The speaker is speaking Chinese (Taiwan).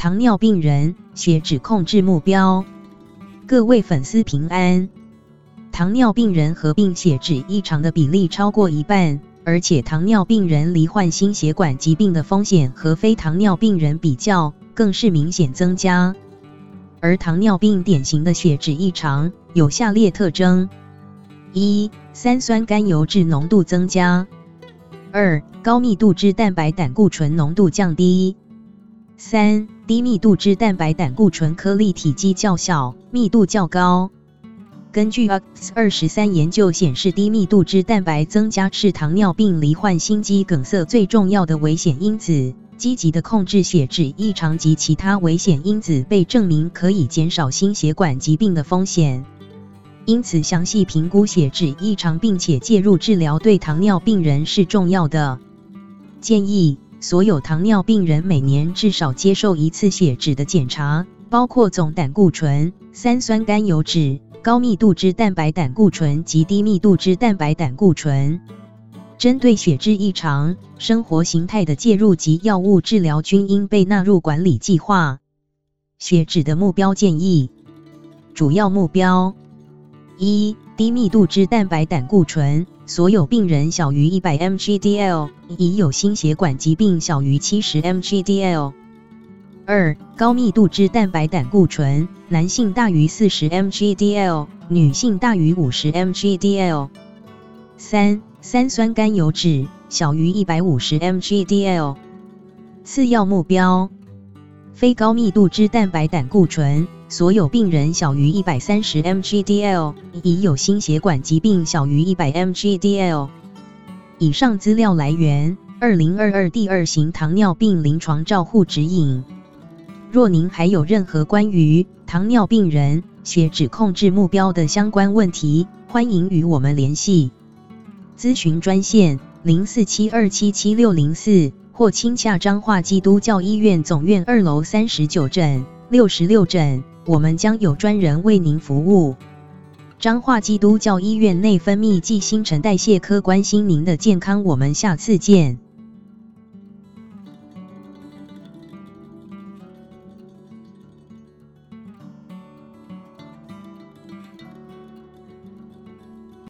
糖尿病人血脂控制目標。各位粉絲平安。糖尿病人合併血脂異常的比例超過一半，而且糖尿病人罹患心血管疾病的風險和非糖尿病人比較，更是明顯增加。而糖尿病典型的血脂異常有下列特徵：一、三酸甘油酯濃度增加；二、高密度脂蛋白膽固醇濃度降低。三、低密度脂蛋白膽固醇顆粒體積較小，密度較高。根據 UX23 研究顯示，低密度脂蛋白增加是糖尿病罹患心肌梗塞最重要的危險因子。積極的控制血脂異常及其他危險因子，被證明可以減少心血管疾病的風險。因此，詳細評估血脂異常並且介入治療，對糖尿病人是重要的建議。所有糖尿病人每年至少接受一次血脂的檢查，包括總膽固醇、三酸甘油酯、高密度脂蛋白膽固醇及低密度脂蛋白膽固醇。針對血脂異常，生活形態的介入及藥物治療均應被納入管理計劃。血脂的目標建議：主要目標一，低密度脂蛋白膽固醇。所有病人小於一百 mg/dl，已有心血管疾病小於七十 mg/dl。二、高密度脂蛋白膽固醇，男性大於四十 mg/dl，女性大於五十 mg/dl。三、三酸甘油酯小於一百五十 mg/dl。次要目標，非高密度脂蛋白膽固醇。所有病人小於一百三十 mg/dl，已有心血管疾病小於一百 mg/dl。以上資料來源：二零二二第二型糖尿病臨床照護指引。若您還有任何關於糖尿病人血脂控制目標的相關問題，歡迎與我們聯繫。諮詢專線：零四七二七七六零四，或親洽彰化基督教醫院總院二樓三十九診、六十六診。我們將有專人為您服務。彰化基督教醫院內分泌暨新陳代謝科關心您的健康，我們下次見。